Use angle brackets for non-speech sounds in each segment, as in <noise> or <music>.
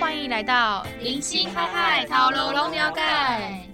歡迎來到林星嗨嗨桃樓龍廟街，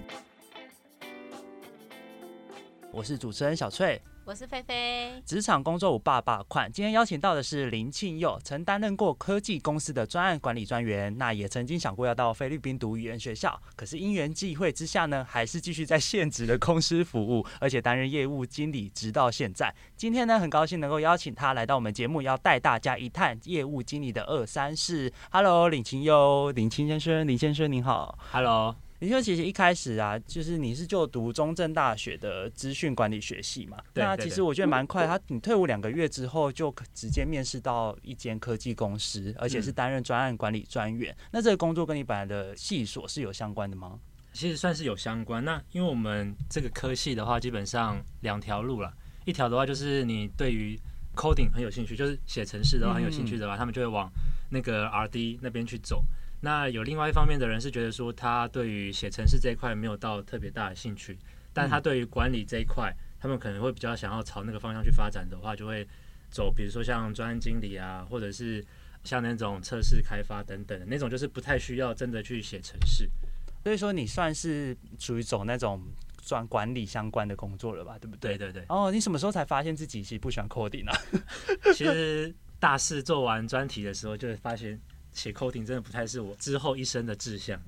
我是主持人小翠。我是菲菲，職場工作我爸爸款。今天邀請到的是林慶佑，曾擔任過科技公司的專案管理專員，那也曾經想過要到菲律賓讀語言學校，可是因緣際會之下呢，還是繼續在現職的公司服務，而且擔任業務經理，直到現在。今天呢，很高興能夠邀請他來到我們節目，要帶大家一探業務經理的二三事。Hello，林慶佑，林慶先生，林先生您好，Hello。你說其實一開始啊，就是你是就讀中正大學的資訊管理學系嘛？對啊。那其實我覺得蠻快，他你退伍兩個月之後就直接面試到一間科技公司，嗯、而且是擔任專案管理專員。嗯、那這個工作跟你本來的系所是有相關的嗎？其實算是有相關。那因為我們這個科系的話，基本上兩條路了。一條的話就是你對於 coding 很有興趣，就是寫程式的話很有興趣的話，嗯、他們就會往那個 RD 那邊去走。那有另外一方面的人是覺得說，他對於寫程式這一塊沒有到特別大的興趣，但他對於管理這一塊，嗯、他們可能會比較想要朝那個方向去發展的話，就會走，比如說像專案經理啊，或者是像那種測試開發等等的，那種就是不太需要真的去寫程式。所以說，你算是屬於走那種專管理相關的工作了吧，對不對？對對對。哦，你什麼時候才發現自己其實不喜歡 coding 啊？ <laughs> 其實大四做完專題的時候，就會發現。寫 coding 真的不太是我之後一生的志向，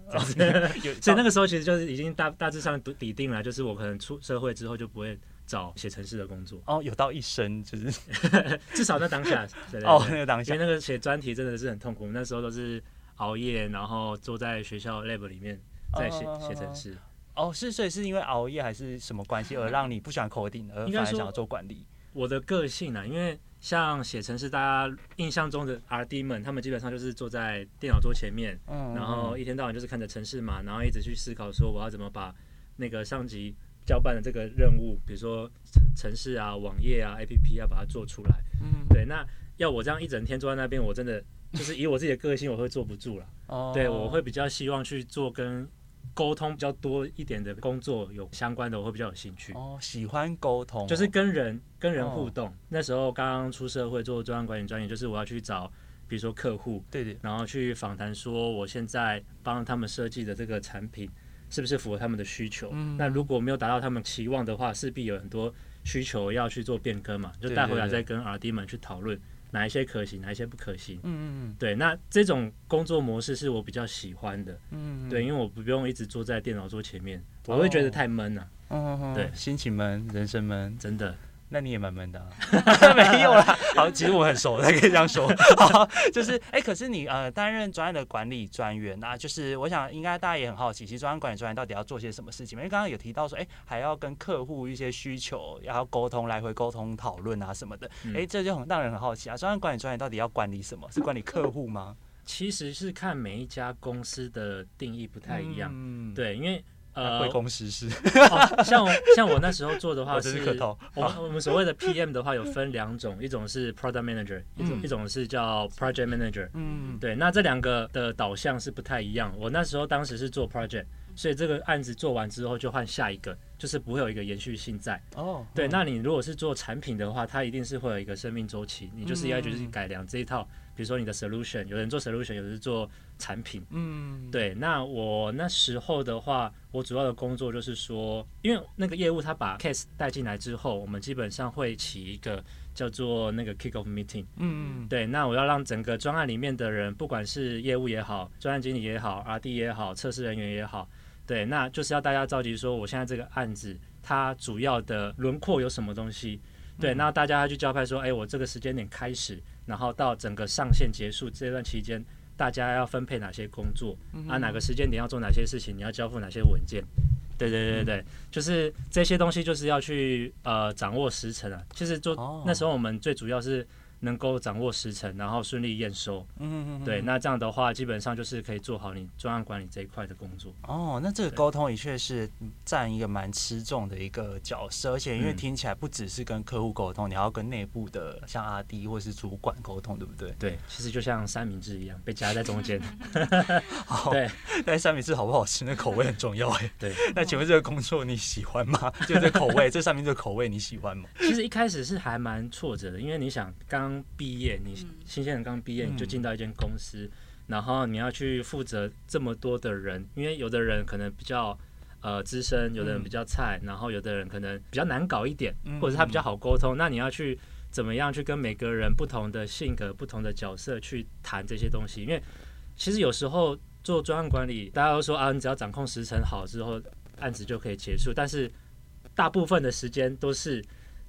所以那個時候其實就是已經大大致上篤定了，就是我可能出社會之後就不會找寫程式的工作。哦，有到一生就是， <laughs> 至少在當下。哦，那當下。那個寫專題真的是很痛苦，那時候都是熬夜，然後坐在學校 lab 裡面在寫寫程式。哦，是，所以是因為熬夜還是什麼關係而讓你不喜歡 coding，而反而想要做管理？我的個性呢、啊，因為。像寫程式，大家印象中的 R D 們，他們基本上就是坐在電腦桌前面，uh huh. 然後一天到晚就是看着程式嘛，然後一直去思考說我要怎麼把那個上級交辦的這個任務，比如說程式啊、網頁啊、A P P、啊、要把它做出來。Uh huh. 對，那要我這樣一整天坐在那邊，我真的就是以我自己的個性，我會坐不住了。Uh huh. 對，我會比較希望去做跟。溝通比較多一點的工作有相關的我會比較有興趣哦，oh, 喜歡溝通，就是跟人跟人互動。Oh. 那時候剛剛出社會做專案管理專員，就是我要去找，比如說客戶，對對，然後去訪談，說我現在幫他們設計的這個產品是不是符合他們的需求？嗯，那如果沒有達到他們期望的話，勢必有很多需求要去做變更嘛，就帶回來再跟 RD 們去討論。對對對哪一些可行，哪一些不可行？嗯嗯嗯，對，那這種工作模式是我比較喜歡的。嗯，嗯，對，因為我不，不用一直坐在電腦桌前面，哦、我會覺得太悶了，啊。嗯嗯嗯，對，心情悶，人生悶，真的。那你也蠻悶的、啊，沒有啦。好，其實我很熟的，可以這樣說。好，就是哎、欸，可是你呃擔任專案的管理專員啊，就是我想應該大家也很好奇，其實專案管理專員到底要做些什麼事情？因為剛剛有提到說，哎、欸，還要跟客戶一些需求，然後溝通來回溝通討論啊什麼的，哎、嗯欸，這就很讓人很好奇啊。專案管理專員到底要管理什麼？是管理客戶嗎？其實是看每一家公司的定義不太一樣，嗯、對，因為。會實施呃、 <laughs> 哦，像我像我那時候做的話是，我們所謂的 PM 的話有分兩種， <laughs> 一種是 Product Manager，一種、嗯、一種是叫 Project Manager，嗯，對，那這兩個的導向是不太一樣。我那時候當時是做 Project。所以這個案子做完之後就換下一個，就是不會有一個延續性在。哦，oh, okay. 對，那你如果是做產品的話，它一定是會有一個生命週期，你就是要就是改良這一套，mm hmm. 比如說你的 solution，有人做 solution，有人做產品。嗯、mm，hmm. 對，那我那時候的話，我主要的工作就是說，因為那個業務他把 case 帶進來之後，我們基本上會起一個叫做那個 kick-off meeting、mm。嗯嗯，對，那我要讓整個專案裡面的人，不管是業務也好，專案經理也好，RD 也好，測試人員也好。對，那就是要大家着急說，我現在這個案子它主要的輪廓有什麼東西？對，那大家要去交派說，哎，我這個時間點開始，然後到整個上線結束這段期間，大家要分配哪些工作？啊，哪個時間點要做哪些事情？你要交付哪些文件？對對對對，就是這些東西，就是要去呃掌握時程啊。其實就那時候我們最主要是。能夠掌握時程然後順利驗收。嗯嗯嗯。對，那這樣的話，基本上就是可以做好你專案管理這一塊的工作。哦，那這個溝通的確是佔一個蠻吃重的一個角色，對而且因為聽起來不只是跟客戶溝通，嗯、你還要跟內部的像阿 D 或是主管溝通，對不對？對，其實就像三明治一樣，被夾在中間。 <laughs> 好對。但三明治好不好吃？那口味很重要哎。 <laughs> 對。 <laughs> 那請問這個工作你喜歡嗎？就這口味， <laughs> 這上面這口味你喜歡嗎？其實一開始是還蠻挫折的，因為你想剛。剛剛剛畢業，你新鮮人剛畢業，你就進到一間公司，然後你要去負責這麼多的人，因為有的人可能比較呃資深，有的人比較菜，然後有的人可能比較難搞一點，或者是他比較好溝通，那你要去怎麼樣去跟每個人不同的性格、不同的角色去談這些東西？因為其實有時候做專案管理，大家都說啊，你只要掌控時程好之後，案子就可以結束，但是大部分的時間都是。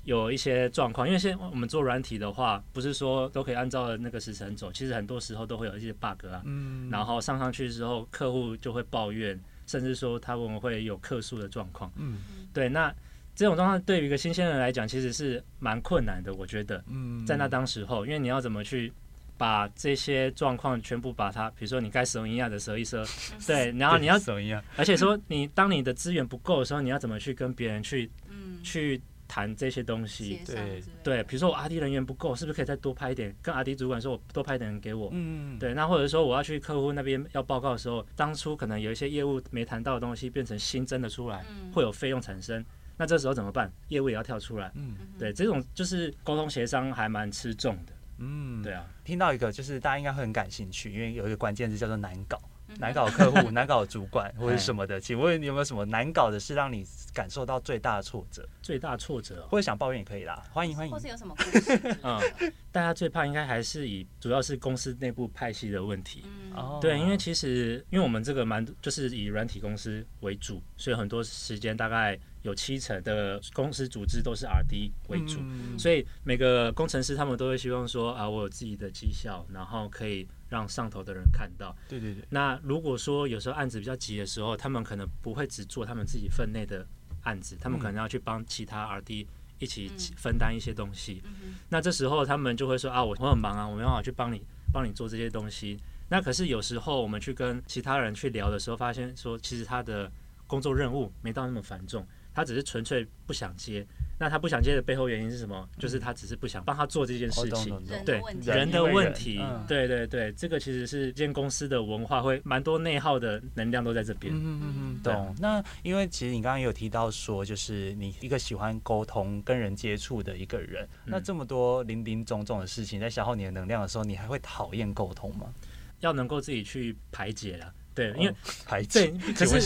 有一些狀況，因為現在我們做軟體的話，不是說都可以按照那個時程走，其實很多時候都會有一些 bug 啊。嗯。然後上上去之後，客戶就會抱怨，甚至說他們會有客訴的狀況。嗯。對，那這種狀況對於一個新鮮人來講，其實是蠻困難的。我覺得。嗯。在那當時候，因為你要怎麼去把這些狀況全部把它，比如說你該使用營養的時候，一說 <laughs> 對，然後你要使用營養，而且說你當你的資源不夠的時候，你要怎麼去跟別人去，嗯，去。談這些東西，對對，比如說我 RD 人員不夠，是不是可以再多拍一點？跟 RD 主管說，我多拍一點給我。嗯、對，那或者說我要去客戶那邊要報告的時候，當初可能有一些業務沒談到的東西變成新增的出來，會、嗯、有費用產生。那這時候怎麼辦？業務也要跳出來。嗯、對，這種就是溝通協商還蠻吃重的。嗯，對啊，聽到一個就是大家應該會很感興趣，因為有一個關鍵字叫做難搞。難搞的客戶、 <laughs> 難搞的主管或者什麼的，請問你有沒有什麼難搞的，是讓你感受到最大的挫折？最大挫折、哦，或者想抱怨也可以啦，歡迎歡迎。或是有什麼故事？ <laughs> 大家最怕應該還是以主要是公司內部派系的問題。嗯、對，因為其實因為我們這個蠻就是以軟體公司為主，所以很多時間大概。有七成的公司組織都是 RD 為主，所以每個工程師他們都會希望說啊，我有自己的績效，然後可以讓上頭的人看到。對對對。那如果說有時候案子比較急的時候，他們可能不會只做他們自己分內的案子，他們可能要去幫其他 RD 一起分擔一些東西。那這時候他們就會說啊，我我很忙啊，我沒辦法去幫你幫你做這些東西。那可是有時候我們去跟其他人去聊的時候，發現說其實他的工作任務沒到那麼繁重。他只是純粹不想接，那他不想接的背後原因是什麼？嗯、就是他只是不想幫他做這件事情。哦、對，人的問題。人人對對對，這個其實是間公司的文化，會蠻多內耗的能量都在這邊。嗯哼嗯嗯，對懂。那因為其實你剛剛有提到說，就是你一個喜歡溝通、跟人接觸的一個人，嗯、那這麼多林林總總的事情在消耗你的能量的時候，你還會討厭溝通嗎？嗯、要能夠自己去排解了。對，因為排解，可是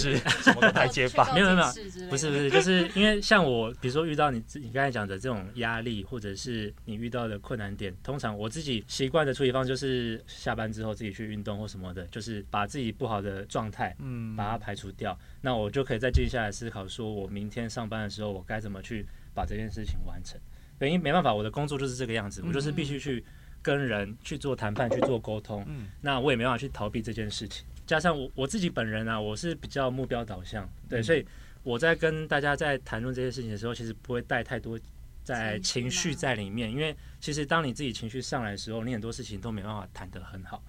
什麼排解吧？沒有沒有，不是不是，就是因為像我，比如說遇到你你剛才講的這種壓力，或者是你遇到的困難點，通常我自己習慣的處理方就是下班之後自己去運動或什麼的，就是把自己不好的狀態，嗯，把它排除掉。嗯、那我就可以再靜下來思考，說我明天上班的時候我該怎麼去把這件事情完成。因為沒辦法，我的工作就是這個樣子，我就是必須去跟人、嗯、去做談判、嗯、去做溝通，嗯，那我也沒辦法去逃避這件事情。加上我我自己本人啊，我是比較目標導向，對，所以我在跟大家在談論這些事情的時候，其實不會帶太多在情緒在裡面，因為其實當你自己情緒上來的時候，你很多事情都沒辦法談得很好，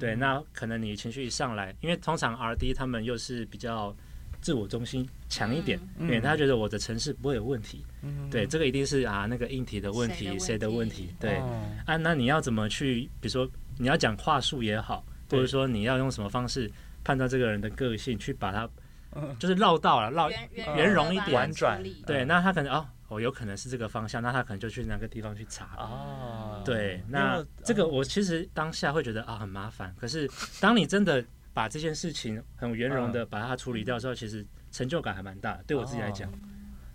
對。那可能你情緒一上來，因為通常 RD 他們又是比較自我中心強一點，因為他覺得我的程式不會有問題，對，這個一定是啊那個硬體的問題、誰的問題，對啊，那你要怎麼去，比如說你要講話術也好。或者說你要用什麼方式判斷這個人的個性，去把他就是繞道了，嗯，繞圓融一點，啊，對，那他可能哦，我有可能是這個方向，那他可能就去那個地方去查。哦，對，那這個我其實當下會覺得啊、哦，很麻煩，可是當你真的把這件事情很圓融的把它處理掉之後，嗯，其實成就感還蠻大的。對我自己來講，嗯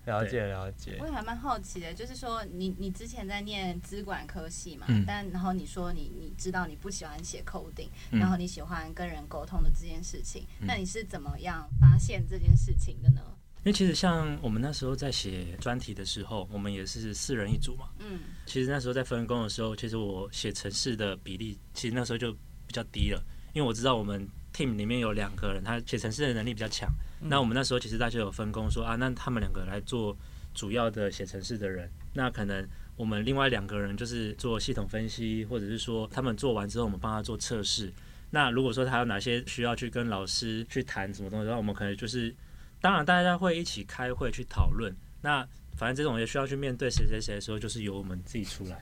了解了解，我也還蠻好奇的，就是說你你之前在念資管科系嘛，嗯、但然後你說你你知道你不喜歡寫 coding，嗯、然後你喜歡跟人溝通的這件事情，嗯、那你是怎麼樣發現這件事情的呢？因為其實像我們那時候在寫專題的時候，我們也是四人一組嘛，嗯，其實那時候在分工的時候，其實我寫程式的比例其實那時候就比較低了，因為我知道我們。team 裡面有兩個人，他寫程式的能力比較強。那我們那時候其實大家有分工說，說啊，那他們兩個來做主要的寫程式的人。那可能我們另外兩個人就是做系統分析，或者是說他們做完之後，我們幫他做測試。那如果說他有哪些需要去跟老師去談什麼東西，那我們可能就是，當然大家會一起開會去討論。那反正這種也需要去面對誰誰誰的時候，就是由我們自己出來。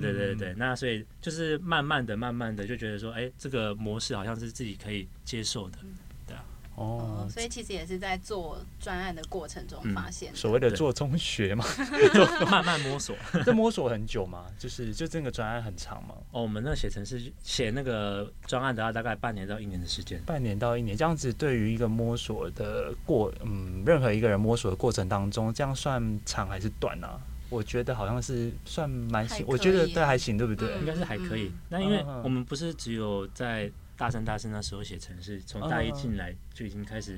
對,對對對對，嗯、那所以就是慢慢的、慢慢的就覺得說，哎，這個模式好像是自己可以接受的，嗯、對啊，哦，所以其實也是在做專案的過程中發現、嗯，所謂的做中學嘛，對 <laughs> 慢慢摸索， <laughs> 這摸索很久嘛，就是就這個專案很長嘛。哦，我們那寫程式是寫那個專案，的話，大概半年到一年的時間，半年到一年，這樣子對於一個摸索的過，嗯，任何一個人摸索的過程當中，這樣算長還是短呢、啊？我覺得好像是算蠻行，我覺得都還行，對不對？對應該是還可以。嗯、那因為我們不是只有在大三、大四那時候寫程式，是從、嗯、大一進來就已經開始，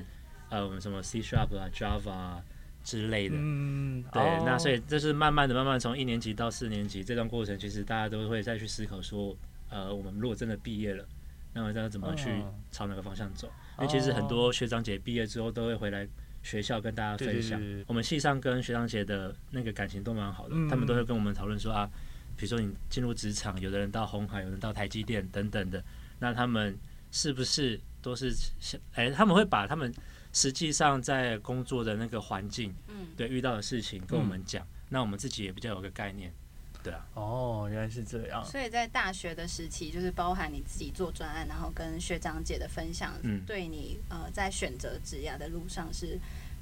嗯、呃，我們什麼 C Sharp 啊、Java 啊之類的。嗯。對，哦、那所以這是慢慢的、慢慢從一年級到四年級這段過程，其實大家都會再去思考說，呃，我們如果真的畢業了，那我再要怎麼去朝哪個方向走？那、嗯、其實很多學長姐畢業之後都會回來。學校跟大家分享，我們系上跟學長姐的那個感情都蠻好的，他們都會跟我們討論說啊，比如說你進入職場，有的人到鴻海，有的人到台積電等等的，那他們是不是都是，哎，他們會把他們實際上在工作的那個環境，對，遇到的事情跟我們講，那我們自己也比較有個概念。對啊，哦，原來是這樣。所以在大學的時期，就是包含你自己做專案，然後跟學長姐的分享，嗯、對你呃在選擇職業的路上是，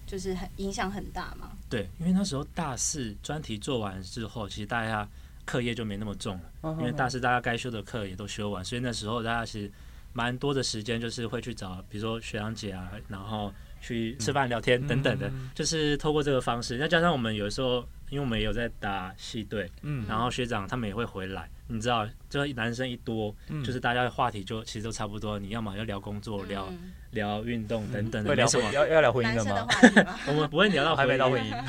就是很影響很大嗎？對，因為那時候大四專題做完之後，其實大家課業就沒那麼重了，哦、因為大四大家該修的課也都修完，所以那時候大家其實。蠻多的時間就是會去找，比如說學長姐啊，然後去吃飯聊天等等的，嗯嗯、就是透過這個方式。再加上我們有時候，因為我們也有在打系隊，嗯，然後學長他們也會回來，嗯、你知道，就男生一多，嗯、就是大家的話題就其實都差不多。你要麼就聊工作，嗯、聊聊運動等等的。要聊什麼？要聊，聊婚姻的嗎？的嗎 <laughs> 我們不會聊到，還沒到婚姻。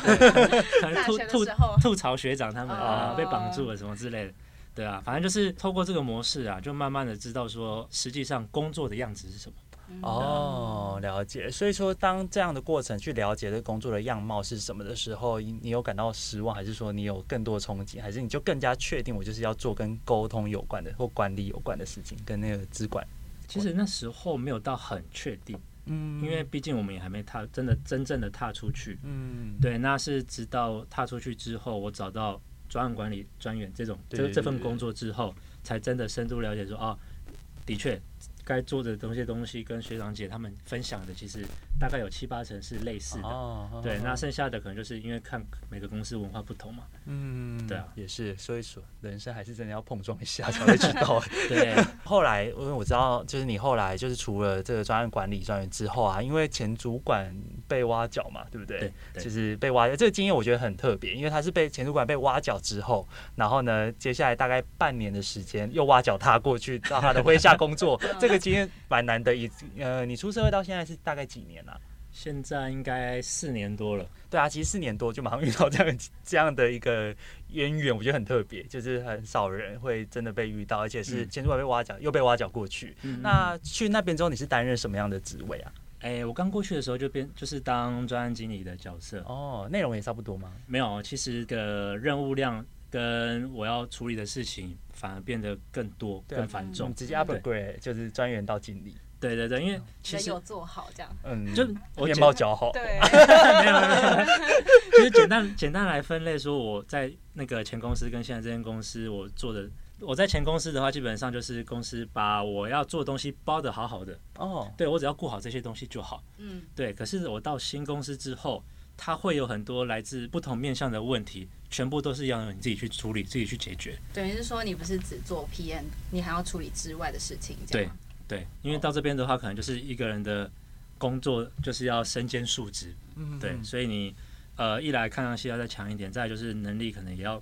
<laughs> 吐吐吐槽學長他們、oh. 啊，被綁住了什麼之類的。對啊，反正就是透過這個模式啊，就慢慢的知道說，實際上工作的樣子是什麼。嗯嗯、哦，了解。所以說，當這樣的過程去了解這工作的樣貌是什麼的時候，你有感到失望，還是說你有更多憧憬，還是你就更加確定我就是要做跟溝通有關的或管理有關的事情，跟那個資管？其實那時候沒有到很確定，嗯，因為畢竟我們也還沒踏真的真正的踏出去，嗯，對，那是直到踏出去之後，我找到專案管理專員這種這個這份工作之後，才真的深度了解說啊，的確該做的東西，東西跟學長姐他們分享的，其實大概有七八成是類似的，對，那剩下的可能就是因為看每個公司文化不同嘛，嗯，對啊，也是，所以說人生還是真的要碰撞一下才會知道。對，後來因為我知道，就是你後來就是除了這個專案管理專員之後啊，因為前主管。被挖角嘛，對不對？對，對就是被挖角。這個經驗我覺得很特別，因為他是被前主管被挖角之後，然後呢，接下來大概半年的時間又挖角他過去，到他的麾下工作。 <laughs> 這個經驗蠻難得。一呃，你出社會到現在是大概幾年了，啊？現在應該四年多了。對啊，其實四年多就馬上遇到這樣這樣的一個淵源，我覺得很特別，就是很少人會真的被遇到，而且是前主管被挖角又被挖角過去。嗯、那去那邊之後，你是擔任什麼樣的職位啊？哎、欸，我剛過去的時候就變，就是當專案經理的角色。哦，內容也差不多嗎？沒有，其實的任務量跟我要處理的事情反而變得更多，對更繁重。嗯、直接 upgrade，對就是專員到經理。對對對，因為其實就有做好這樣。嗯，就我腳好。 <laughs> 對，沒有 <laughs> <laughs> 沒有沒有。其實簡單簡單來分類說，我在那個前公司跟現在這間公司，我做的。我在前公司的話，基本上就是公司把我要做東西包得好好的哦，對，我只要顧好這些東西就好。嗯，對。可是我到新公司之後，它會有很多來自不同面向的問題，全部都是要你自己去處理、自己去解決。等於是說，你不是只做 PM，你還要處理之外的事情。對對，因為到這邊的話，可能就是一個人的工作就是要身兼數職。嗯，對。所以你呃，一來看上去要再強一點，再就是能力可能也要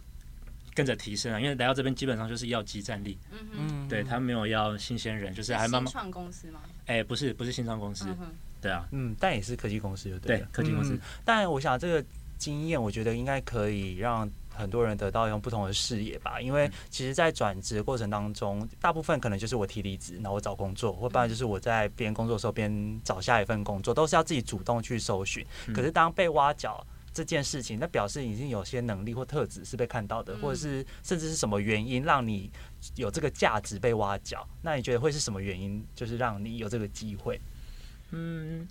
跟着提升啊，因為來到這邊基本上就是要即戰力，嗯嗯哼，對，他沒有要新鮮人，就是還慢慢。新創公司嗎？哎、欸，不是，不是新創公司，嗯、哼對啊，嗯，但也是科技公司就對了，對，科技公司，嗯、但我想這個經驗，我覺得應該可以讓很多人得到用不同的視野吧，因為其實，在轉職的過程當中，大部分可能就是我提離職，然後我找工作，或不然就是我在邊工作的時候邊找下一份工作，都是要自己主動去搜尋。可是當被挖角。嗯這件事情，那表示已經有些能力或特質是被看到的，或者是甚至是什麼原因讓你有這個價值被挖角？那你覺得會是什麼原因？就是讓你有這個機會？嗯，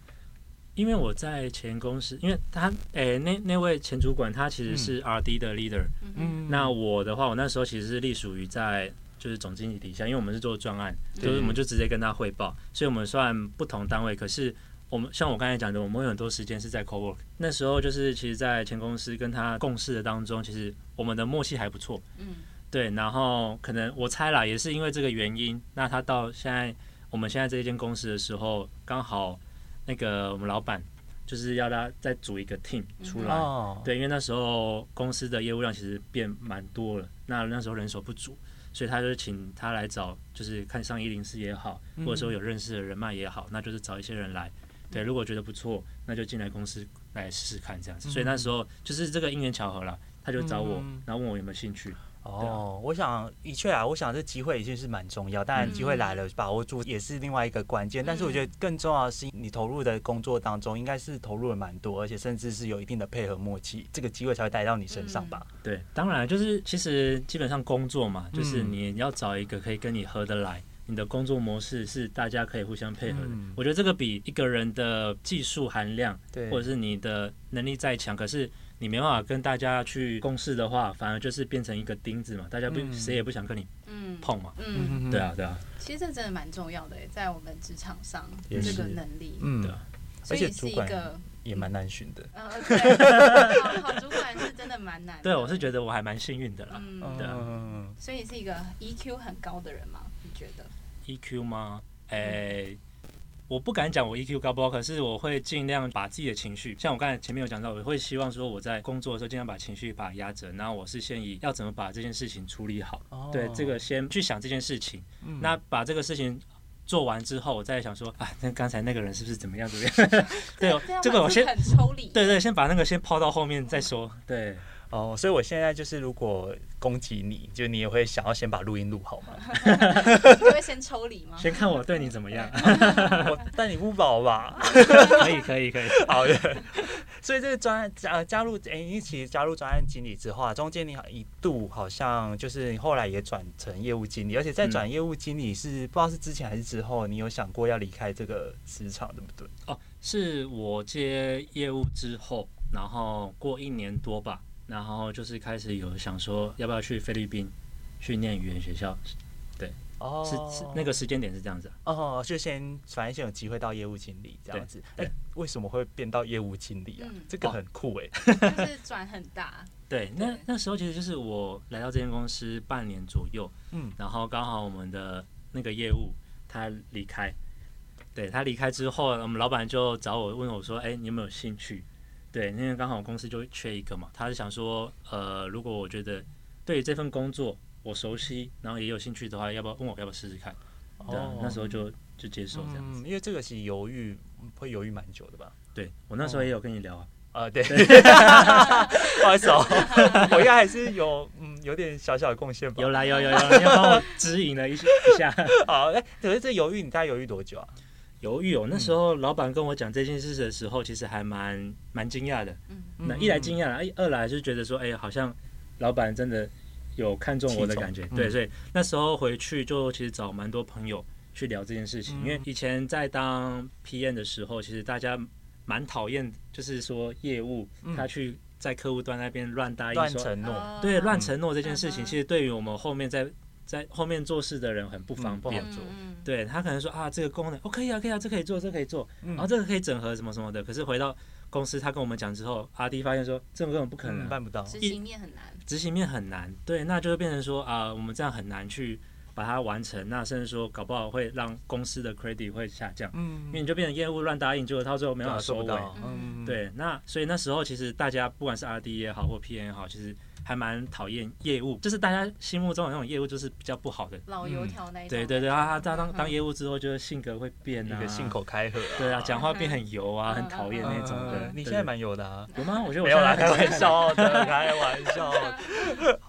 因為我在前公司，因為他誒，那那位前主管他其實是 R D 的 leader，嗯，那我的話，我那時候其實是隸屬於在就是總經理底下，因為我們是做專案，所以對就是我們就直接跟他匯報，所以我們算不同單位，可是。我，我，我們像我剛才講的，我們有很多時間是在 co work。那時候就是，其實，在前公司跟他共事的當中，其實我們的默契還不錯。嗯，對。然後可能我猜啦，也是因為這個原因，那他到現在，我們現在這一間公司的時候，剛好那個我們老板就是要他再組一個 team 出來。對，因為那時候公司的業務量其實變蠻多了，那那時候人手不足，所以他就請他來找，就是看上一零四也好，或者說有認識的人脈也好，那就是找一些人來。對，如果覺得不錯，那就進來公司來試試看這樣子。嗯、所以那時候就是這個因緣巧合了，他就找我，嗯、然後問我有沒有興趣。哦，啊、我想的確啊，我想這機會已經是蠻重要，當然機會來了，嗯、把握住也是另外一個關鍵。但是我覺得更重要的是，你投入的工作當中應該是投入了蠻多，而且甚至是有一定的配合默契，這個機會才會帶到你身上吧？嗯、對，當然就是其實基本上工作嘛，就是你要找一個可以跟你合得來。嗯你的工作模式是大家可以互相配合的，我覺得這個比一個人的技術含量，或者是你的能力再強，可是你沒辦法跟大家去共事的話，反而就是變成一個釘子嘛，大家不誰也不想跟你碰嘛，嗯，對啊，對啊，其實這真的蠻重要的，在我們職場上這個能力，嗯，所以是一個也蠻難尋的，嗯，對，好，好，主管是真的蠻難，對我是覺得我還蠻幸運的啦，嗯，所以你是一個 EQ 很高的人嗎，你覺得？EQ 嗎？哎、欸，我不敢講我 EQ 高不高，可是我會儘量把自己的情緒，像我剛才前面有講到，我會希望說我在工作的時候儘量把情緒把它壓着，然後我是先以要怎麼把這件事情處理好，哦、對這個先去想這件事情，嗯、那把這個事情做完之後，我再想說啊，那剛才那個人是不是怎麼樣怎麼樣？ <laughs> <laughs> 對，這個我、這個、我先抽離，對對，先把那個先拋到後面再說，對。哦，所以我現在就是，如果攻擊你，就你也會想要先把錄音錄好嗎？ <laughs> 你就會先抽離嗎？先看我對你怎麼樣？ <laughs> 對 <laughs> 我待你不薄吧可？可以可以可以，好的。所以這個專案加入誒、欸，一起加入專案經理之後，啊，中間你一度好像就是，你後來也轉成業務經理，而且在轉業務經理是、嗯、不知道是之前還是之後，你有想過要離開這個職場，對不對？哦，是我接業務之後，然後過一年多吧。然後就是開始有想說要不要去菲律賓去念語言學校，對，哦，是，是那個時間點是這樣子，啊，哦，就先反正先有機會到業務經理這樣子，哎，為什麼會變到業務經理啊？嗯、這個很酷哎，哦，就是轉很大， <laughs> 對，那那時候其實就是我來到這間公司半年左右，嗯、然後剛好我們的那個業務他離開，對，他離開之後，我們老闆就找我問我說，哎，你有沒有興趣？對，因為剛好我公司就缺一個嘛，他是想說，呃，如果我覺得對這份工作我熟悉，然後也有興趣的話，要不要問我，要不要試試看？哦、對，樣，那時候就就接受這樣。嗯，因為這個其實猶豫，會猶豫蠻久的吧？對，我那時候也有跟你聊啊，啊、哦呃，對，對 <laughs> 不好意思哦，我應該還是有嗯有點小小的貢獻吧？有啦，有有有， <laughs> 你要幫我指引了一下。好，哎、哦，所以這猶豫，你大概猶豫多久啊？猶豫哦，那時候老闆跟我講這件事的時候，其實還蠻蠻驚訝的。嗯、那一來驚訝，哎，二來就覺得說，哎、欸，好像老闆真的有看中我的感覺。嗯、對，所以那時候回去就其實找蠻多朋友去聊這件事情，嗯、因為以前在當 PM 的時候，其實大家蠻討厭，就是說業務他去在客戶端那邊亂答應、亂承諾，哦、對，亂承諾這件事情，嗯、其實對於我們後面在。在後面做事的人很不方便做、嗯，嗯、對他可能說啊，這個功能我、哦、可以啊，可以啊，這個、可以做，這個、可以做，嗯、然後這個可以整合什麼什麼的。可是回到公司，他跟我們講之後 RD 發現說，這種、個、根本不可能、嗯、辦不到，執一行面很難，執行面很難。對，那就變成說啊，我們這樣很難去把它完成，那甚至說搞不好會讓公司的 credit 會下降，嗯、因為你就變成業務亂答應，結果到最後沒辦法收尾，啊收到嗯、對。那所以那時候其實大家不管是 RD 也好或 PM 也好，其實。還蠻討厭業務，就是大家心目中的那種業務，就是比較不好的老油條那一類。對對對，然後他當當業務之後，就是性格會變那個信口開河。對啊，講話變很油啊，很討厭那種的。你現在蠻油的啊？有嗎？我覺得我沒有啦，開玩笑真的，開玩笑。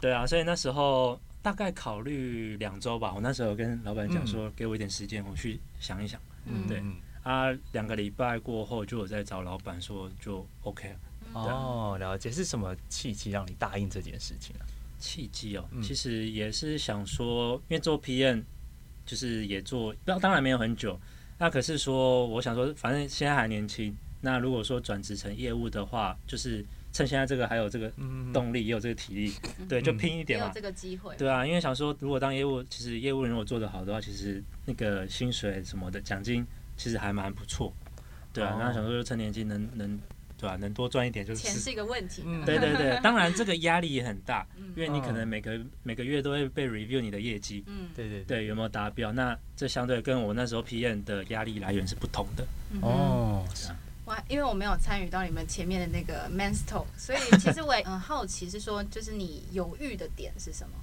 對啊，所以那時候大概考慮兩周吧，我那時候跟老板講說，給我一點時間，我去想一想。嗯，對。啊，兩個禮拜過後，就我再找老板說，就 OK 了。哦，了解，是什麼契機讓你答應這件事情啊？契機哦，其實也是想說，因為做 PM 就是也做，當然沒有很久。那可是說，我想說，反正現在還年輕。那如果說轉職成業務的話，就是趁現在這個還有這個動力，嗯、也有這個體力，嗯、對，就拼一點嘛。這個機會，對啊，因為想說，如果當業務，其實業務如果做得好的話，其實那個薪水什麼的獎金，其實還蠻不錯。對啊，那、哦、想說趁年輕能能。能對吧？能多賺一點就是對對對，錢是一個問題。對對對，當然這個壓力也很大，因為你可能每個每個月都會被 review 你的業績，對對對，有沒有達標？那這相對跟我那時候 PM 的壓力來源是不同的。哦，這樣。我因為我沒有參與到你們前面的那個 Man's Talk，所以其實我也很好奇，是說就是你猶豫的點是什麼？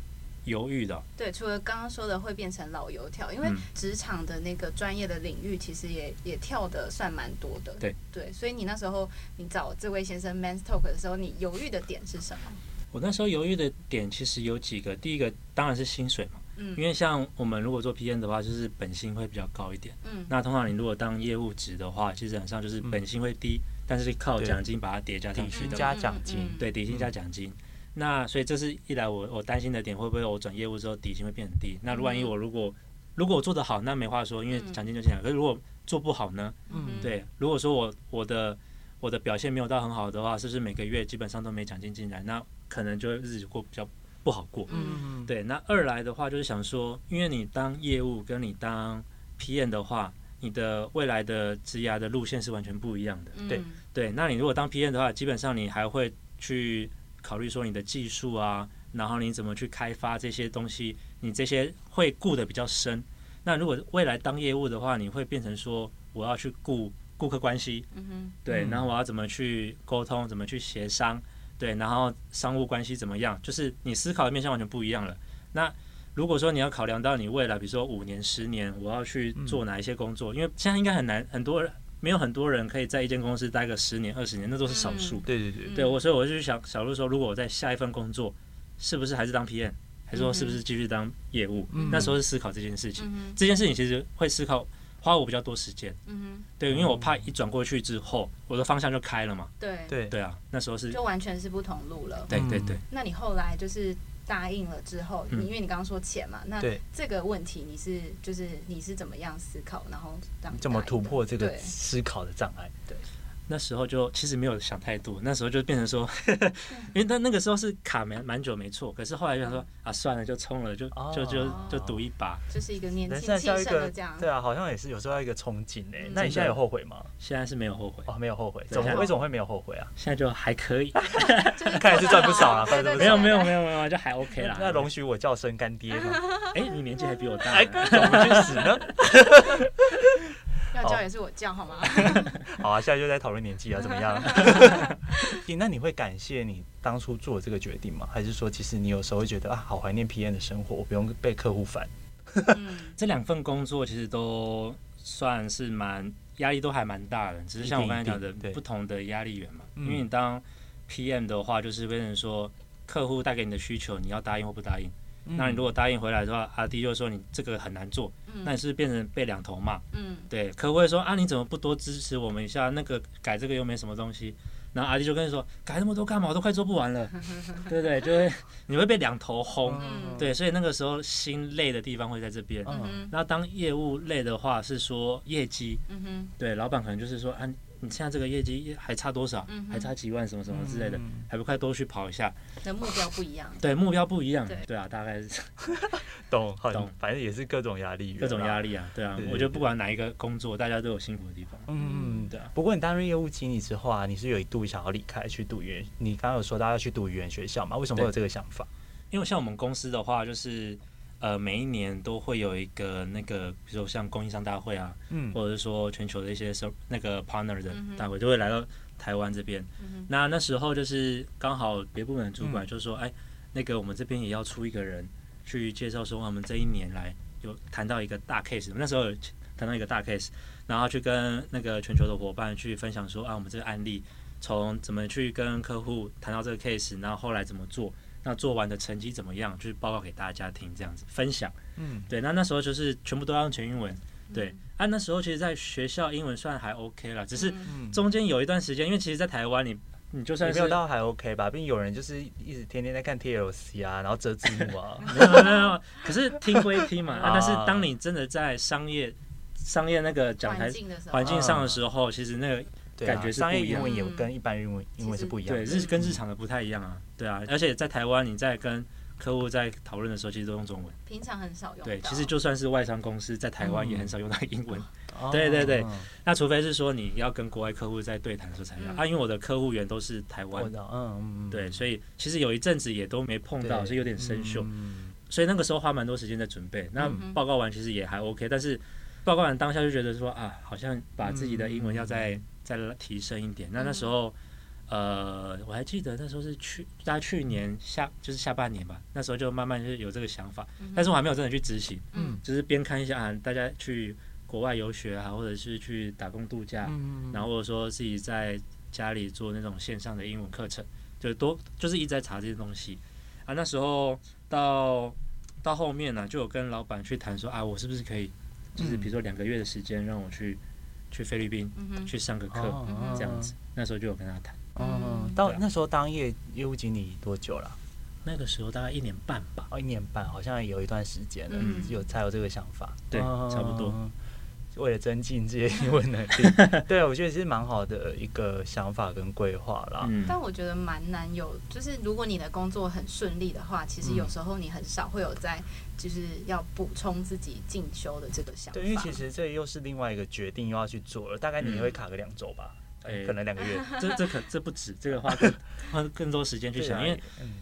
猶豫的、啊、對，除了剛剛說的會變成老油條，因為職場的那個專業的領域其實也也跳得算蠻多的。對對，所以你那時候你找這位先生 Man's Talk 的時候，你猶豫的點是什麼？我那時候猶豫的點其實有幾個，第一個當然是薪水嘛，嗯，因為像我們如果做 PM 的話，就是本薪會比較高一點，嗯，那通常你如果當業務職的話，其實很像就是本薪會低，嗯、但是，是靠獎金把它疊加進去對的，加獎金，嗯嗯嗯、對，底薪加獎金。嗯嗯嗯那所以這是一來我我擔心的點，會不會我轉業務之後底薪會變低？那萬一我如果如果我做得好，那沒話說，因為獎金就進來。可是如果做不好呢？嗯，對。如果說我我的我的表現沒有到很好的話，是不是每個月基本上都沒獎金進來？那可能就日子過比較不好過。嗯對。那二來的話就是想說，因為你當業務跟你當 PM 的話，你的未來的職涯的路線是完全不一樣的。對對，那你如果當 PM 的話，基本上你還會去。考慮說你的技術啊，然後你怎麼去開發這些東西，你這些會顧得比較深。那如果未來當業務的話，你會變成說我要去顧顧客關係，對，然後我要怎麼去溝通，怎麼去協商，對，然後商務關係怎麼樣，就是你思考的面向完全不一樣了。那如果說你要考量到你未來，比如說五年、十年，我要去做哪一些工作，因為現在應該很難，很多人。沒有很多人可以在一間公司待個十年二十年，那都是少數。嗯。對對對，對我所以我就想小路說，如果我在下一份工作，是不是還是當 PM，還是說是不是繼續當業務？嗯、哼那時候是思考這件事情，嗯、哼這件事情其實會思考花我比較多時間。嗯哼，對，因為我怕一轉過去之後，我的方向就開了嘛。對對對啊，那時候是就完全是不同路了。嗯、對對對，那你後來就是。答應了之後，因為你剛剛說錢嘛，嗯、那這個問題你是就是你是怎麼樣思考，然後這樣怎麼突破這個思考的障礙？對。那時候就其實沒有想太多，那時候就變成說，因為他那個時候是卡蠻蠻久沒錯，可是後來就說啊算了，就衝了，就就就就賭一把。這是一個年輕人，人生要一個對啊，好像也是有時候要一個憧憬呢。那你現在有後悔嗎？現在是沒有後悔哦，沒有後悔，怎麼會怎麼會沒有後悔啊？現在就還可以，看來是賺不少了，沒有沒有沒有沒有就還 OK 了。那容許我叫聲乾爹嗎？哎，你年紀還比我大，怎麼不去死呢？要教也是我教，好嗎？ <laughs> 好啊，現在就在討論年紀啊，怎麼樣？ <laughs> 那你會感謝你當初做這個決定嗎？還是說，其實你有時候會覺得啊，好懷念 PM 的生活，我不用被客戶煩。嗯， <laughs> 這兩份工作其實都算是蠻壓力都還蠻大的，只是像我剛才講的，不同的壓力源嘛。一定一定。因為你當 PM 的話，就是變成說，客戶帶給你的需求，你要答應或不答應。那你如果答應回來的話，嗯、阿弟就說你這個很難做，嗯、那你是，是變成被兩頭罵，嗯，對，可不可以說啊，你怎麼不多支持我們一下？那個改這個又沒什麼東西，然後阿弟就跟你說改那麼多幹嘛，我都快做不完了， <laughs> 對不對，對？就會你會被兩頭轟，嗯、對，所以那個時候心累的地方會在這邊。嗯、哼那當業務累的話，是說業績，嗯、哼對，老闆可能就是說啊。你現在這個業績還差多少？嗯、哼還差幾萬什麼什麼之類的，嗯、還不快多去跑一下？那、嗯、對目標不一樣。 <laughs> 對，目標不一樣。對，對啊，大概是這樣 <laughs> 懂，很懂。反正也是各種壓力，各種壓力啊。對啊，對對對，我覺得不管哪一個工作，大家都有辛苦的地方。對對對，嗯，對。啊。不過你擔任業務經理之後啊，你是有一度想要離開去讀語言，你剛剛有說大家要去讀語言學校嘛？為什麼會有這個想法？因為像我們公司的話，就是。呃，每一年都會有一個那個，比如說像供應商大會啊，嗯、或者是說全球的一些那個 partner 的大會，嗯、哼就會來到台灣這邊。嗯、哼那那時候就是剛好別部門的主管就說：“嗯、哎，那個我們這邊也要出一個人去介紹說，說、啊、我們這一年來有談到一個大 case。那時候談到一個大 case，然後去跟那個全球的夥伴去分享說啊，我們這個案例從怎麼去跟客戶談到這個 case，然後後來怎麼做。”那做完的成績怎麼樣？就是報告給大家聽，這樣子分享。嗯，對，那那時候就是全部都要用全英文。嗯、對，啊，那時候其實，在學校英文算還 OK 了，只是中間有一段時間，因為其實在台灣，你你就算沒有到還 OK 吧，畢竟有人就是一直天天在看 TLC 啊，然後折字幕啊， <laughs> 啊，啊，啊，可是聽歸聽嘛，啊、但是當你真的在商業商業那個講台環境上的時候，啊、其實那個感覺商業、啊、英文也跟一般英文英文是不一樣的，嗯、對，日跟日常的不太一樣啊。對啊，而且在台灣，你在跟客戶在討論的時候，其實都用中文。平常很少用。對，其實就算是外商公司在台灣，也很少用到英文。嗯、對對對，哦、那除非是說你要跟國外客戶在對談的時候才用、嗯、啊，因為我的客戶源都是台灣、哦，嗯，對，所以其實有一陣子也都沒碰到，對所以有點生鏽。嗯、所以那個時候花蠻多時間在準備。那報告完其實也還 OK，但是報告完當下就覺得說啊，好像把自己的英文要再、嗯、再提升一點。嗯、那那時候。呃，我還記得那時候是去，大概去年下就是下半年吧，那時候就慢慢就有這個想法，但是我還沒有真的去執行，就是邊看一下啊，大家去國外遊學啊，或者是去打工度假，然後或者說自己在家裡做那種線上的英文課程，就都，就是一直在查這些東西，啊，那時候到到後面呢，啊，就有跟老闆去談說啊，我是不是可以，就是比如說兩個月的時間讓我去去菲律賓去上個課這樣子，那時候就有跟他談。嗯，到、啊、那時候當業業務經理多久了啊？那個時候大概一年半吧。哦，一年半，好像有一段時間了。嗯、有才有這個想法。嗯、對，差不多。為了增進這些英文能力。對，我覺得這是蠻好的一個想法跟規劃啦。嗯、但我覺得蠻難有，就是如果你的工作很順利的話，其實有時候你很少會有在，就是要補充自己進修的這個想法。對，因為其實這又是另外一個決定，又要去做了，大概你也會卡個兩週吧。嗯欸、可能兩個月，這這可這不止，這個花花更多時間去想， <laughs> 對因為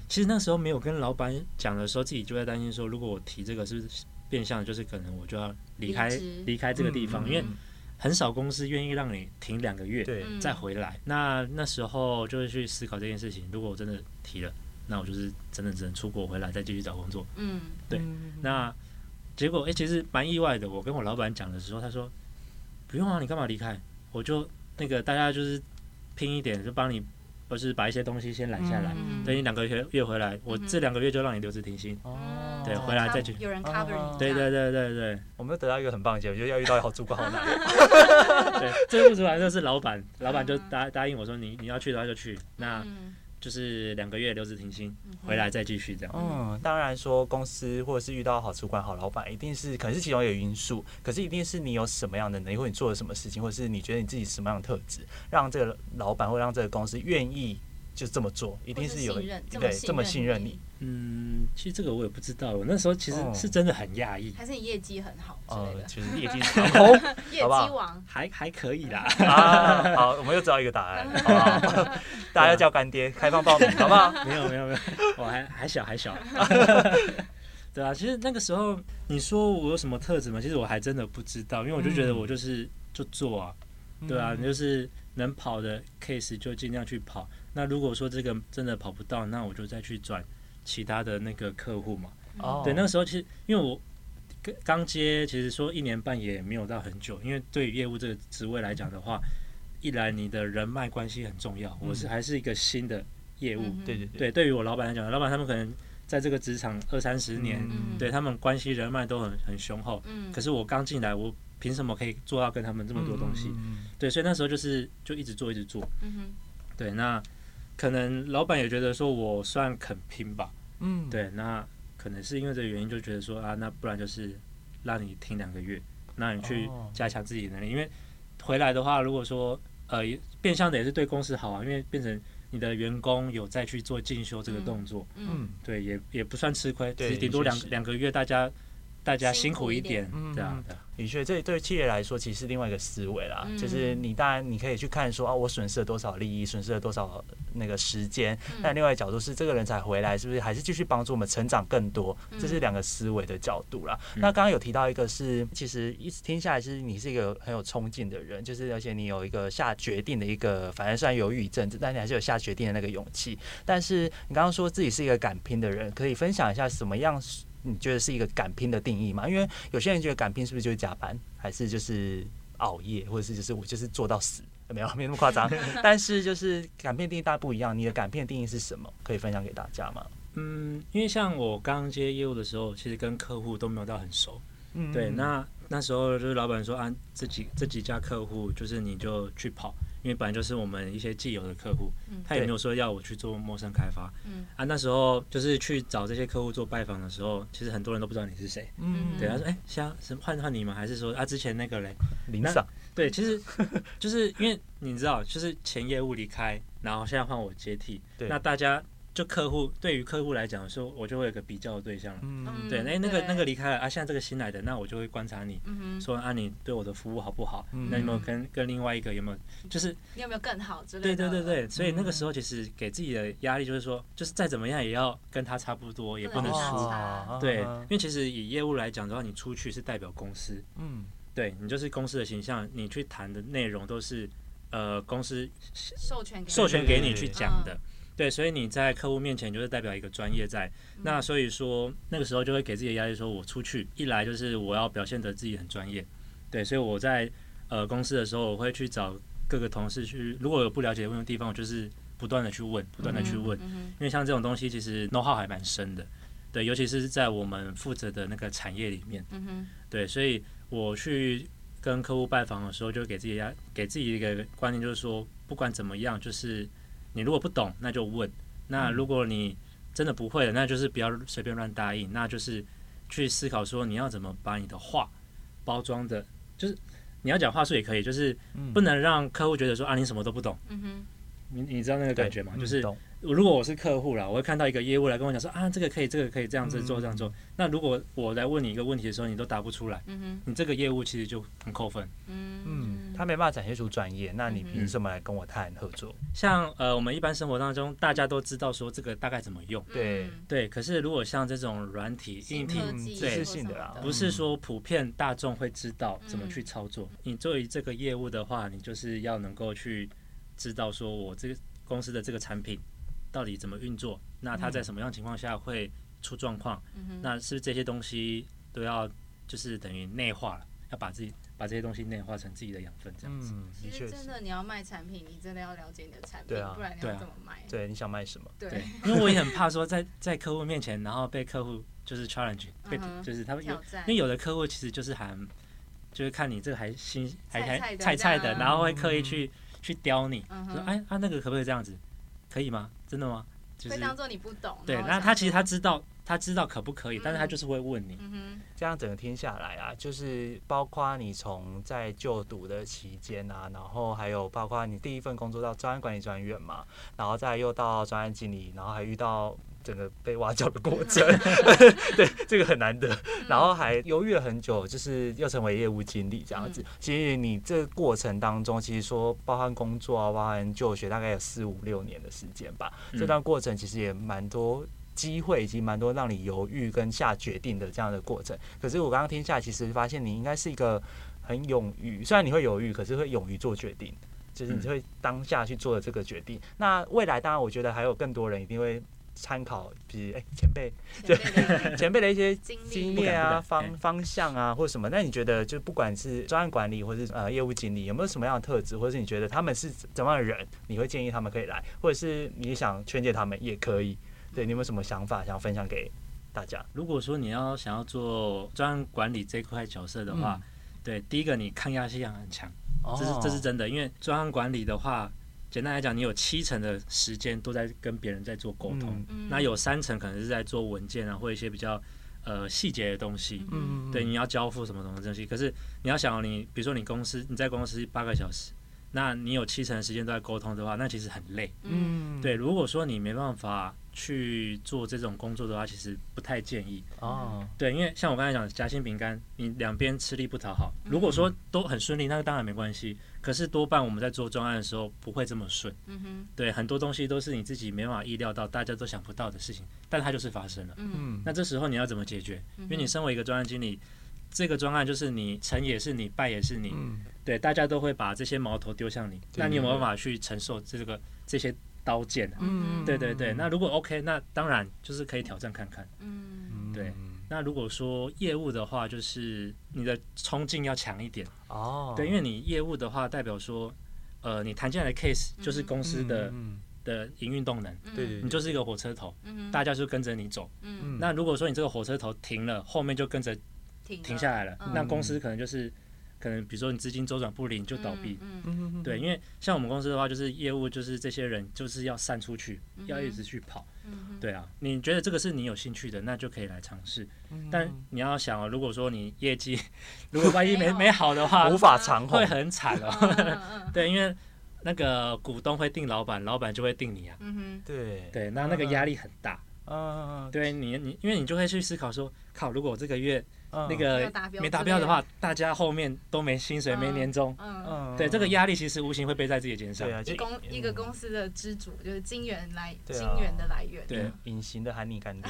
其實那時候沒有跟老闆講的時候，自己就在擔心說，如果我提這個，是不是變相就是可能我就要離開直離開這個地方？嗯、因為很少公司願意讓你停兩個月再回來。嗯、那那時候就會去思考這件事情，如果我真的提了，那我就是真的只能出國回來再繼續找工作。嗯，對。嗯、那結果哎、欸，其實蠻意外的。我跟我老闆講的時候，他說不用啊，你幹嘛離開？我就。那個大家就是拼一點，就幫你，就是把一些東西先攬下來，等、嗯嗯嗯、你兩個月月回來，嗯嗯，我這兩個月就讓你留職停薪。哦、對，回來再去。有人 cover 你。對對對對對，我們得到一個很棒的結果，就要遇到一個好主管、好老闆。對，最後不出來就是老闆，老闆就答答應我說你，你你要去的話就去。那。就是兩個月留職停薪，回來再繼續這樣。嗯，當然說公司或者是遇到好主管、好老闆，一定是，可能是其中一個因素，可是，一定是你有什麼樣的能力，或者你做了什麼事情，或者是你覺得你自己什麼樣的特質，讓這個老闆或者讓這個公司願意。就這麼做，一定是有對這麼信任你。嗯，其實這個我也不知道。我那時候其實是真的很訝異，哦、還是你業績很好之類的就是、哦、業績 <laughs> 好，好。業績王，還還可以啦。啊，好，我們又知道一個答案。 <laughs> 好不好？大家要叫乾爹， <laughs> 開放報名，好不好？ <laughs> 沒有，沒有，沒有，我還還小，還小。 <laughs> 對啊，其實那個時候你說我有什麼特質嗎？其實我還真的不知道，因為我就覺得我就是、嗯、就做啊，對啊，你就是能跑的 case 就盡量去跑。那如果說這個真的跑不到，那我就再去轉其他的那個客戶嘛。哦，oh. 對，那個時候其實因為我剛接，其實說一年半也沒有到很久。因為對於業務這個職位來講的話，一來你的人脈關係很重要。我是還是一個新的業務，mm hmm. 對對對。對於我老板來講，老板他們可能在這個職場二三十年，mm hmm. 對他們關係人脈都很很雄厚。Mm hmm. 可是我剛進來，我憑什麼可以做到跟他們這麼多東西？Mm hmm. 對，所以那時候就是就一直做，一直做。Mm hmm. 對，那。可能老闆也覺得說，我算肯拼吧，嗯，對，那可能是因為這個原因，就覺得說啊，那不然就是讓你停兩個月，讓你去加強自己的能力，因為回來的話，如果說呃，變相的也是對公司好啊，因為變成你的員工有再去做進修這個動作，嗯，嗯，對，也也不算吃虧，頂多兩兩個月大家，大家辛苦一點，這樣的，的確、嗯啊啊，這對企業來說，其實是另外一個思維啦，嗯、就是你當然你可以去看說啊，我損失了多少利益，損失了多少那個時間。嗯、但另外一個角度是，這個人才回來，是不是還是繼續幫助我們成長更多？嗯、這是兩個思維的角度啦。嗯、那剛剛有提到一個是，其實一直聽下來，其實你是一個很有衝勁的人，就是而且你有一個下決定的一個，反正雖然猶豫一陣子，但你還是有下決定的那個勇氣。但是你剛剛說自己是一個敢拼的人，可以分享一下什麼樣？你覺得是一個敢拼的定義嗎？因為有些人覺得敢拼是不是就是加班，還是就是熬夜，或者是就是我就是做到死，沒有沒那麼誇張。 <laughs> 但是就是敢拼定義大不一樣，你的敢拼的定義是什麼？可以分享給大家嗎？嗯，因為像我剛接業務的時候，其實跟客戶都沒有到很熟。嗯，嗯，對，那那時候就是老闆說啊，這幾這幾家客戶就是你就去跑。因為本來就是我們一些既有的客戶，他也沒有說要我去做陌生開發。嗯對啊，那時候就是去找這些客戶做拜訪的時候，其實很多人都不知道你是誰。嗯，對，他說：“哎、欸，是換換你嗎？’還是說啊，之前那個嘞，林桑上。”對，其實就是因為你知道， <laughs> 就是前業務離開，然後現在換我接替。對，那大家。就客戶對於客戶來講說，我就會有個比較的對象了。嗯，對，那個那個離開了啊，現在這個新來的，那我就會觀察你，說啊，你對我的服務好不好？那有沒有跟跟另外一個有沒有？就是你有沒有更好之類的？對對對對，所以那個時候其實給自己的壓力就是說，就是再怎麼樣也要跟他差不多，也不能輸。對，因為其實以業務來講的話，你出去是代表公司。嗯，對，你就是公司的形象，你去談的內容都是呃公司授權給你去講的。對，所以你在客戶面前就是代表一個專業在那，所以說那個時候就會給自己的壓力，說我出去一來就是我要表現得自己很專業。對，所以我在呃公司的時候，我會去找各個同事去，如果有不了解的問題的地方，我就是不斷的去問，不斷的去問，嗯哼，因為像這種東西其實 know how 還蠻深的。對，尤其是在我們負責的那個產業裡面。對，所以我去跟客戶拜訪的時候，就會給自己壓，給自己一個觀念，就是說不管怎麼樣，就是。你如果不懂，那就問；那如果你真的不會了，那就是不要隨便亂答應。那就是去思考說，你要怎麼把你的話包裝的，就是你要講話術也可以，就是不能讓客戶覺得說啊，你什麼都不懂。嗯哼你你知道那個感覺嗎？對就是如果我是客戶啦，我會看到一個業務來跟我講說啊，這個可以，這個可以這樣子做，這樣做。嗯、哼那如果我來問你一個問題的時候，你都答不出來，你這個業務其實就很扣分。嗯。嗯。他沒辦法展現出專業，那你憑什麼來跟我談合作？嗯、像呃，我們一般生活當中，大家都知道說這個大概怎麼用，對、嗯、對。可是如果像這種軟體硬、硬體，對，不是說普遍大眾會知道怎麼去操作。嗯、你作為這個業務的話，你就是要能夠去知道說，我這個公司的這個產品到底怎麼運作，那它在什麼樣的情況下會出狀況？嗯嗯、那是，是這些東西都要就是等於內化了，要把自己。把這些東西內化成自己的養分，這樣子。的確真的，你要賣產品，你真的要了解你的產品，不然你要怎麼賣？對，你想賣什麼？對，因為我也很怕說，在在客戶面前，然後被客戶就是 challenge，就是他們有，因為有的客戶其實就是還就是看你這個還新還還菜菜的，然後會刻意去去刁你，說哎，他那個可不可以這樣子？可以嗎？真的嗎？會當做你不懂。對，那他其實他知道。他知道可不可以，但是他就是會問你。嗯嗯、這樣整個聽下來啊，就是包括你從在就讀的期間啊，然後還有包括你第一份工作到專案管理專員嘛，然後再又到專案經理，然後還遇到整個被挖角的過程， <laughs> <laughs> 對，這個很難得。嗯、然後還猶豫了很久，就是又成為業務經理這樣子。嗯、其實你這個過程當中，其實說包含工作啊，包含就學，大概有四五六年的時間吧。嗯、這段過程其實也蠻多機會以及蠻多讓你猶豫跟下決定的這樣的過程。可是我剛剛聽下，其實發現你應該是一個很勇於，雖然你會猶豫，可是會勇於做決定，就是你就會當下去做的這個決定。嗯、那未來當然，我覺得還有更多人一定會參考，比如、哎、前輩，前輩的一些經驗啊、經歷方方向啊，或者什麼。那你覺得，就不管是專案管理或是呃業務經理，有沒有什麼樣的特質，或者是你覺得他們是怎麼樣的人，你會建議他們可以來，或者是你想勸誡他們也可以。對，你有沒有什麼想法想要分享給大家？如果說你要想要做專案管理這塊角色的話，嗯、對，第一個你抗壓性很強，哦、這是這是真的，因為專案管理的話，簡單來講，你有七成的時間都在跟別人在做溝通，嗯、那有三成可能是在做文件啊，或一些比較呃細節的東西。嗯、對，你要交付什麼什麼東西，可是你要想你，比如說你公司你在公司八個小時，那你有七成的時間都在溝通的話，那其實很累。嗯，對，如果說你沒辦法。去做這種工作的話，其實不太建議哦。對，因為像我剛才講的夾心餅乾，你兩邊吃力不討好。如果說都很順利，那當然沒關係。可是多半我們在做專案的時候不會這麼順。對，很多東西都是你自己沒辦法意料到，大家都想不到的事情，但它就是發生了。那這時候你要怎麼解決？因為你身為一個專案經理，這個專案就是你成也是你敗也是你。對，大家都會把這些矛頭丟向你，那你有沒有辦法去承受這個這些？刀劍，嗯、對對對，那如果 OK，那當然就是可以挑戰看看，嗯、對。那如果說業務的話，就是你的衝勁要強一點哦，對，因為你業務的話，代表說，呃，你談進來的 case 就是公司的、嗯嗯、的營運動能，嗯、你就是一個火車頭，嗯、大家就跟着你走，嗯、那如果說你這個火車頭停了，後面就跟着停停下來了，了嗯、那公司可能就是。可能比如說你資金週轉不靈就倒閉，對，因為像我們公司的話，就是業務就是這些人就是要散出去，要一直去跑，對啊。你覺得這個是你有興趣的，那就可以來嘗試，但你要想，如果說你業績如果萬一沒沒好的話，無法償還會很慘哦。對，因為那個股東會定老闆，老闆就會定你啊。對，對，那那個壓力很大。嗯，對你你，因為你就會去思考說。靠！如果我這個月那個沒達標的話，大家後面都沒薪水、沒年終。對，這個壓力其實無形會背在自己肩上。公一個公司的支柱就是金源來，金源的來源。對，隱形的含義感的。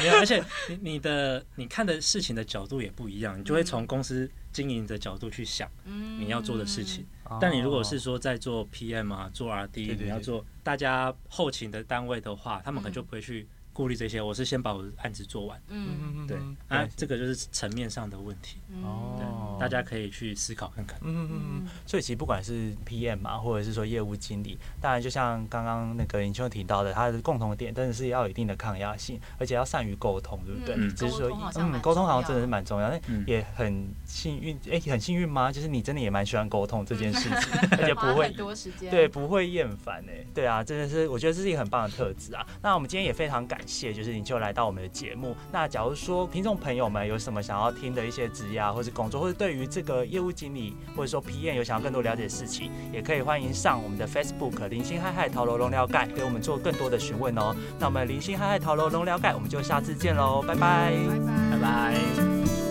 沒有，而且你你的你看的事情的角度也不一樣，你就會從公司經營的角度去想你要做的事情。但你如果是說在做 PM 啊、做 RD，你要做大家後勤的單位的話，他們可能就不會去。顧慮這些，我是先把我的案子做完。嗯嗯嗯，對，啊，這個就是層面上的問題。哦，對，大家可以去思考看看。嗯嗯嗯。所以其實不管是 PM 啊，或者是說業務經理，當然就像剛剛那個尹秋提到的，他的共同點真的是要有一定的抗壓性，而且要善於溝通，對不對？嗯、就是說以溝通，通好像真的是蠻重要。嗯。但也很幸運，哎、欸，很幸運嗎？就是你真的也蠻喜歡溝通這件事情，嗯、而且不會。對，不會厭煩。哎，對啊，真的是，我覺得這是一個很棒的特質啊。那我們今天也非常感。謝謝，就是你就來到我們的節目。那假如說聽眾朋友們有什麼想要聽的一些職業啊，或是工作，或是對於這個業務經理，或者說 PM 有想要更多了解的事情，也可以歡迎上我們的 Facebook 零星嗨嗨陶樓龍聊蓋，給我們做更多的詢問哦、喔。那我們零星嗨嗨陶樓龍聊蓋，我們就下次見嘍，拜拜，拜拜。拜拜